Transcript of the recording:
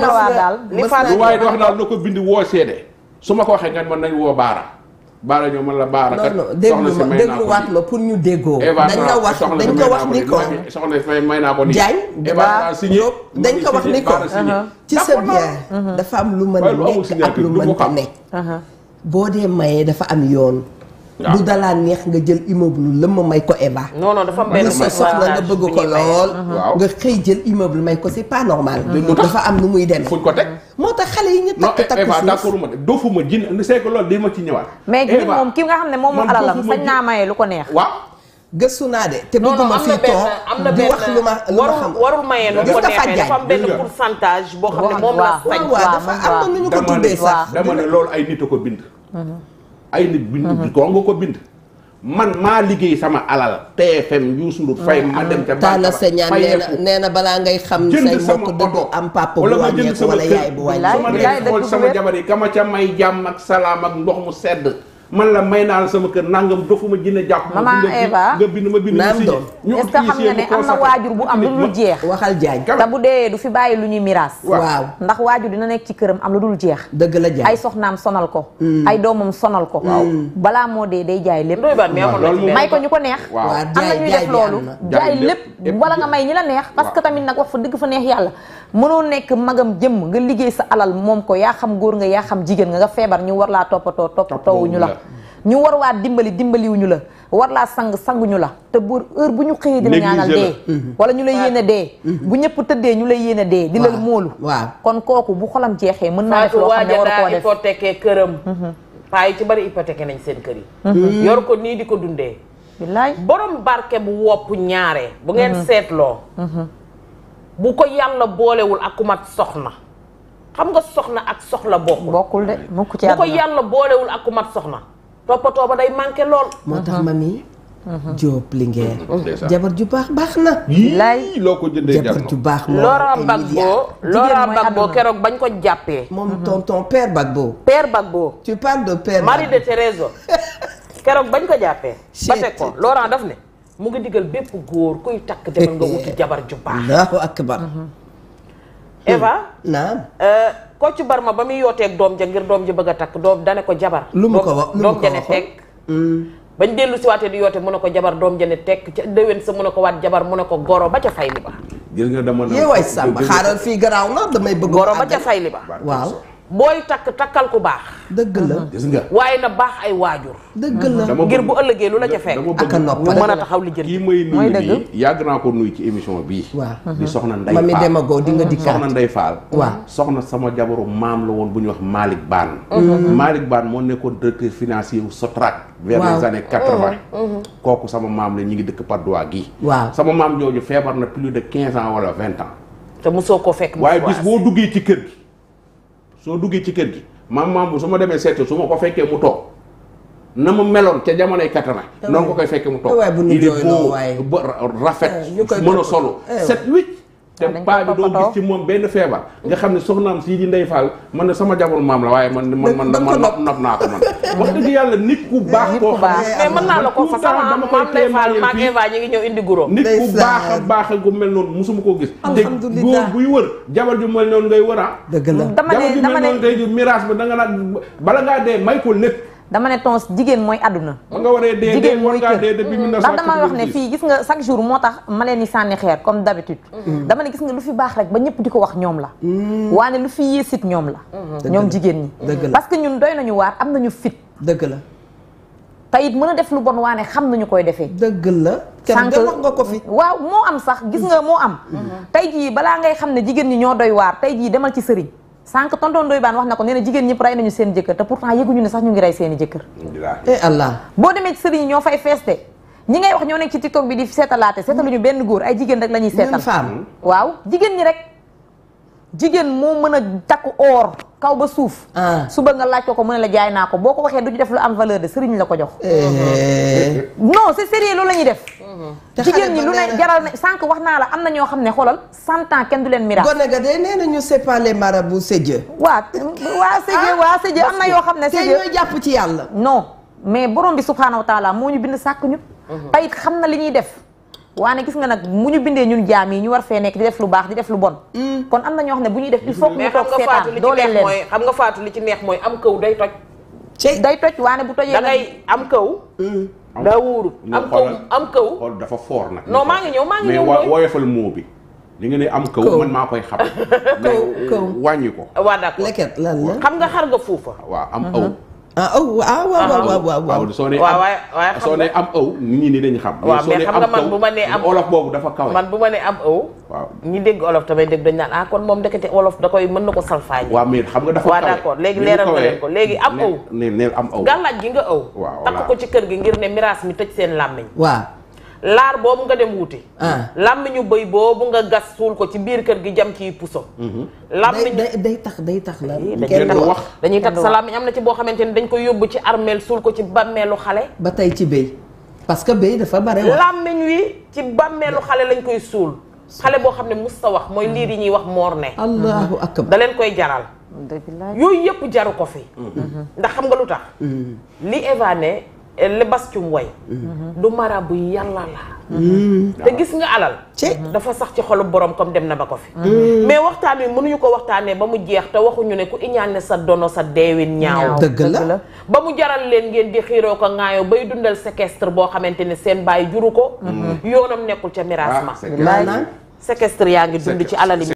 couloir daal li faatu waaye di wax daal na ko bind woo seede su ma ko waxee nga man nañ woo baara baara ñoo mën la baara kat déglu ma dégluwaat ma pour ñu déggoo dañ la wax dañ ko wax ni ko soxna fay may naa ko nii jaay Eva signé dañ uh-huh. ko ci sa bien dafa am lu mën a nekk ak lu mën a uh-huh. boo dee mayee dafa am yoon Ah. du dalaa neex nga jël immeuble lëm ma may ko Eva non non dafa am benn sa soxla nga bëgg ko lool nga xëy jël immeuble may ko c'est pas normal dafa am nu muy demee fuñ ko teg moo tax xale yi ñu takk takk ma de doofu ma jin ma ci ñëwaat mais jin ki nga xam ne moom moo alalam sañ naa maye lu ko neex waaw gëstu naa de te bëgguma fii toog di xam warul maye nu ko neexee dafa am benn pourcentage boo xam ne moom la sañ waaw dafa am na nu ñu ko tuddee sax dama ne loolu ay nit a ko bind mm-hmm. ay nit bind mhm. ko nga ko bind man maa liggéey sama alal TFM Youssou Ndour mhm. fay ma dem ca Talla Señaan nee na nee na balaa ngay xam say mbokk dëgg am papa bu wàññeeku wala sama jabar yi kama ca may jàmm ak salaam ak ndox mu sedd man la may naa la sama kër nangam dofuma jinne jàpp maman Eva nga bind ma bind ma si ñu est-ce que xam nga ne am na waajur bu am lu dul jeex waxal jaaj te bu dee du fi bàyyi lu ñuy miraas waaw ndax waajur dina nekk ci këram am lu dul jeex dëgg la jaay ay soxnaam sonal ko hmm. ay doomam sonal ko hmm. balaa moo dee day jaay lépp may ko ñu ko neex am na ñuy def loolu jaay lépp wala nga may ñi la neex parce que tamit nag wax fa dëgg fa neex yàlla mënoo nekk magam jëmm nga liggéey sa alal moom ko yaa xam góor nga yaa xam jigéen nga nga feebar ñu war laa toppatoo toppatoowuñu la ñu war waa dimbali dimbaliwuñu la war laa sang sanguñu la te bu heure bu ñu xëyee dina ñaanal dee wala ñu la yéene dee bu ñëpp tëddee ñu la yéene dee di la moolu waaw kon kooku bu xolam jeexee mën naa def loo xam ne war koo def hypothéqué këram mhm. paa yi ci bari hypothéqué nañ seen kër yi mhm. yor ko nii di ko dundee bilaay borom barke bu wopp ñaare bu ngeen mhm. seetloo bu ko yàlla boolewul ak ku mat soxna xam nga soxna ak soxla bokkul. bokkul de mukk ci bu ko yàlla boolewul ak ku mat soxna toppatoo ba day manqué lool. moo tax uh-huh. mami. Uh-huh. Diop Linguère. Oh, jabar ju baax baax na. yii loo ko jëndee jabar baax moom Laurent Gbagbo Laurent keroog bañ ko jàppee. moom uh-huh. tonton père Gbagbo. père Gbagbo. tu parles de père Marie de Thérèse keroog bañ ko jàppee. ba teg ko Laurent daf ne. mu nga digal bépp góor kuy takk demal nga wuti jabar ju baax allahu akbar mhm. hmm. Eva naam euh, ko ci barma ba muy yooteeg doom ja ngir doom ja bëgg a takk doom dane ko jabar lu mu ko wax doom ja ne hmm. bañ dellu si waatee mu ne ko jabar doom ja ne tekk ca déwén sa mu ne ko waat jabar mu ne ko goro ba ca fay li ba gis nga dama yee waay sàmba xaaral fii garaaw la damay bëgg goro ba ca fay ba waaw booy takk takkal ku baax. dëgg la mhm. gis nga. waaye na baax ay waajur. dëgg mhm. la ngir bu ëllëgee lu la ca fekk. ak a noppal mën a taxaw li jënd kii may nuyu nii yàgg naa ko nuyu ci émission bii. waaw mhm. di soxna Ndeye Fall mami Demago di nga dikkaat soxna Ndeye sama jabaru maam la woon bu ñuy wax Malick baan Malick baan moo nekkoon directeur financier wu Sotrac. vers les années quatre-vingt. kooku sama maam la ñu ngi dëkk Padois gii. waaw sama maam jooju feebar na plus de quinze ans wala vingt ans. te mosoo ko fekk. waaye bis boo ci kër gi soo duggee ci kër gi maam maam bu su ma demee seeti su ma ko fekkee mu toog na ma meloon ca jamonoy katana. Eh noonu ko koy fekkee mu toog. Eh il est beau rafet. Eh, mën a solo set wicc te paa bi doo gis ci moom benn feebar nga xam ne soxnaam sii di Ndeye Fall man na sama jabaru maam la waaye man man man man nopp naa ko man wax dëgg yàlla nit ku baax koo xam mais mën naa la ko fa sama dama koy téeméer maag ngi ñëw indi guro nit ku baax a baax a gu mel noonu musuma koo gis te góor buy wër jabar ju mel noonu ngay wër ah dëgg la jabar ju mel noonu tey ji miraas ba da nga naan bala ngaa dee may ko lépp dama ne ton jigéen mooy àdduna jigéen mooy kër mm-hmm. ndax dama wax ne fii gis nga chaque jour moo tax ma leen di sànni xeer comme d'habitude mm-hmm. dama ne gis nga lu fi baax rek ba ñëpp di ko wax ñoom la mm-hmm. waane lu fi yéesit ñoom la ñoom jigéen ñi parce que ñun doy nañu waar am nañu fit dëgg la te it mën a def lu bon waane xam nañu koy defee dëgg la sànq nga ko fi waaw moo am sax gis nga moo am tey jii balaa ngay xam ne jigéen ñi ñoo doy waar tey jii demal ci sëriñ sànq tonton Ndoye Bane na ko nee na jigéen ñëpp rey nañu seen jëkkër te pourtant yëguñu ne sax ñu ngi rey i jëkkër eh Allah boo demee ci ñoo fay feeste ñi ngay wax ñoo nekk ci tiktok bi di seetalaate seetaluñu benn góor ay jigéen rek la ñuy seetal waaw jigéen ñi rek jigéen moo mën a takk or kaw ba suuf. Ah. suba nga laaj ko ko mën ne la jaay naa ko boo ko waxee du ñu def lu am valeur de sëriñ la ko jox. Eh. non c'est sérieux loolu la ñuy def. jigéen ñi lu ne jaral na sànq wax naa la am na ñoo xam ne xoolal cent ans kenn du leen miraas. gone ga de nee ñu c'est pas les marabouts c'est Dieu. waa waa c'est Dieu waa c'est am na yoo xam ne. c'est Dieu ñooy jàpp ci yàlla. non mais borom bi subhaanahu wa taala moo ñu bind sàkk ñu. Mhm. tayit xam na li ñuy def. waane gis nga nag mu ñu bindee ñun jaam yi ñu war fee nekk di def lu baax di def lu bon hmm. kon am na ñoo xam ne bu ñuy def il faut que ñu toog seetaan dooleel leen mais xam li ci neex mooy am kaw day toj day toj waane bu tojee da ngay am kaw hmm. daa wóoru am kaw am kaw xool dafa foor nag non maa ngi ñëw maa ngi ñëw mais woyofal moo bi li nga ne am kaw man maa koy xam kaw wàññi ko waa d'accord leket lan la xam nga xar nga foofa waa am kaw mhm. ah aw oh, waaw ah, waaw waaw waaw waaw soo nee am waaw soo nee am aw nit ñi ni dañu xam. waaw mais xam nga man bu ma nee am olof boobu dafa kawe. man bu ma nee am aw. waaw ñi dégg olof tamit dégg ah, kon moom ndekete olof da koy mën na ko salfaañe. waaw mais xam nga dafa kawe waaw d'accord léegi leeral nga leen ko léegi am aw. nee neel am aw gàllaaj gi nga aw. waaw takk ko ci kër gi ngir ne miraas mi tëj seen làmmiñ waaw laar boobu nga dem wuti ah. làmmiñu bëy boobu nga gas suul ko ci biir kër gi jam ci puso mhm. làmmiñu day day tax day tax la dañuy tax sa làmmiñ am na ci boo xamante ni dañ ko yóbbu ci armeel suul ko ci bàmmeelu xale ba tey ci bëy parce que bëy dafa bare wax wi ci bàmmeelu xale lañ koy suul xale boo xam ne mus sa wax mooy liir yi ñuy wax moor ne allahu akbar da koy jaral yooyu yëpp jaru ko fi mhm. ndax xam nga lu tax mhm. li Eva Eh, li bascum way mhm. du marabu yàlla la mhm. te gis nga alal dafa sax ci xolu boroom comme dem na ba ko fi mhm. mais waxtaan wi mënuñu ko waxtaanee ba mu jeex te waxuñu ne ku iñaane sa dono sa deewin ñaaw dëgg la ba mu jaral leen ngeen di xiiroo ko ŋaayoo bay dundal séquestre boo xamante ne seen bàyyi juru ko yoonam nekkul ca miraas ma ah, séquestre yaa ngi dund ci alali